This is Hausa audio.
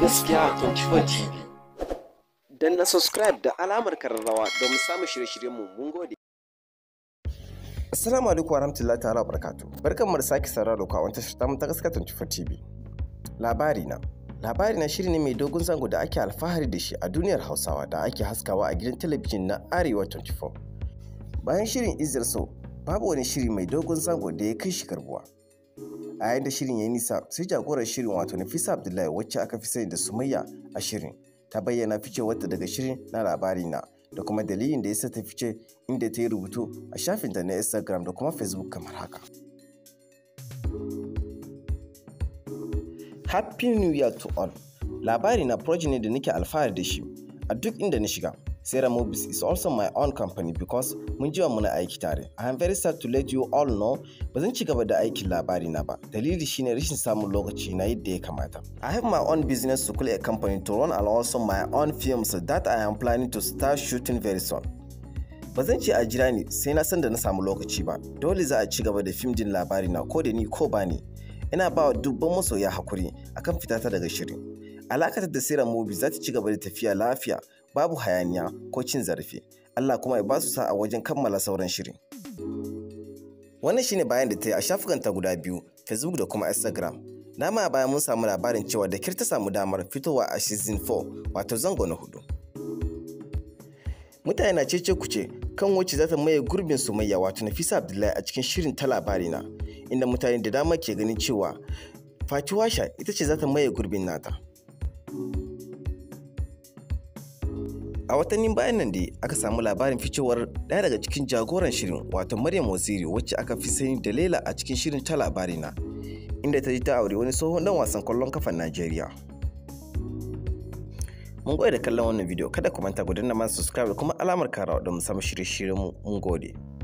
gaskiya 24 TV. Dan na subscribe da alamar kararrawa don samun shirye shiryen mun gode. Assalamu alaikum wa rahmatullahi ta'ala barakatu. Barkan mu da sake sauraro ka wani tashar tamu ta gaskata TV. Labari na Labari na shiri ne mai dogon zango da ake alfahari da shi a duniyar Hausawa da ake haskawa a gidan talabijin na Arewa 24. Bayan shirin Izir So, babu wani shiri mai dogon zango da ya kai shi karbuwa. a yayin da shirin ya yi nisa sai jagorar shirin wato nafisa abdullahi wacce aka fi sani da sumayya a shirin ta bayyana fice wata daga shirin na labari na da kuma dalilin da yasa ta fice inda ta yi rubutu a shafinta na instagram da kuma facebook kamar haka happy new year to all labari na project ne da nake alfahari da shi a duk inda na shiga sera Mobis is also my own company because mun ji wa muna aiki tare. I am very sad to let you all know ba zan ci gaba da aikin labari na ba. Dalili shine rashin samun lokaci na yadda ya kamata. I have my own business to call a company to run and also my own films that I am planning to start shooting very soon. Ba zan ce a jira ni sai na san da na samu lokaci ba. Dole za a ci gaba da fim din labari na ko da ni ko ba ni. Ina ba wa dubban masoya hakuri akan fita ta daga shirin. Alakata da sera Mobi za ta ci gaba da tafiya lafiya babu hayaniya ko cin zarafi Allah kuma ya ba su sa'a wajen kammala sauran shirin wannan shine bayan da ta yi a shafukanta guda biyu facebook da kuma instagram nama a baya mun samu labarin cewa da kirta samu damar fitowa a season 4 wato zango na hudu mutane na cece kuce kan wacce za ta maye gurbin sumayya wato nafisa abdullahi a cikin shirin ta labari na inda mutane da dama ke ganin cewa fatiwasha ita ce za ta maye gurbin nata a watannin bayan nan dai aka samu labarin ficewar ɗaya daga cikin jagoran shirin wato maryam waziri wacce aka fi sani da lela a cikin shirin ta labarina inda ta ji ta aure wani tsohon dan wasan kwallon kafan najeriya mun gode da kallon wannan bidiyo kada ku manta ku danna man subscribe kuma alamar karawa don mu samu shirye-shiryen mu mun gode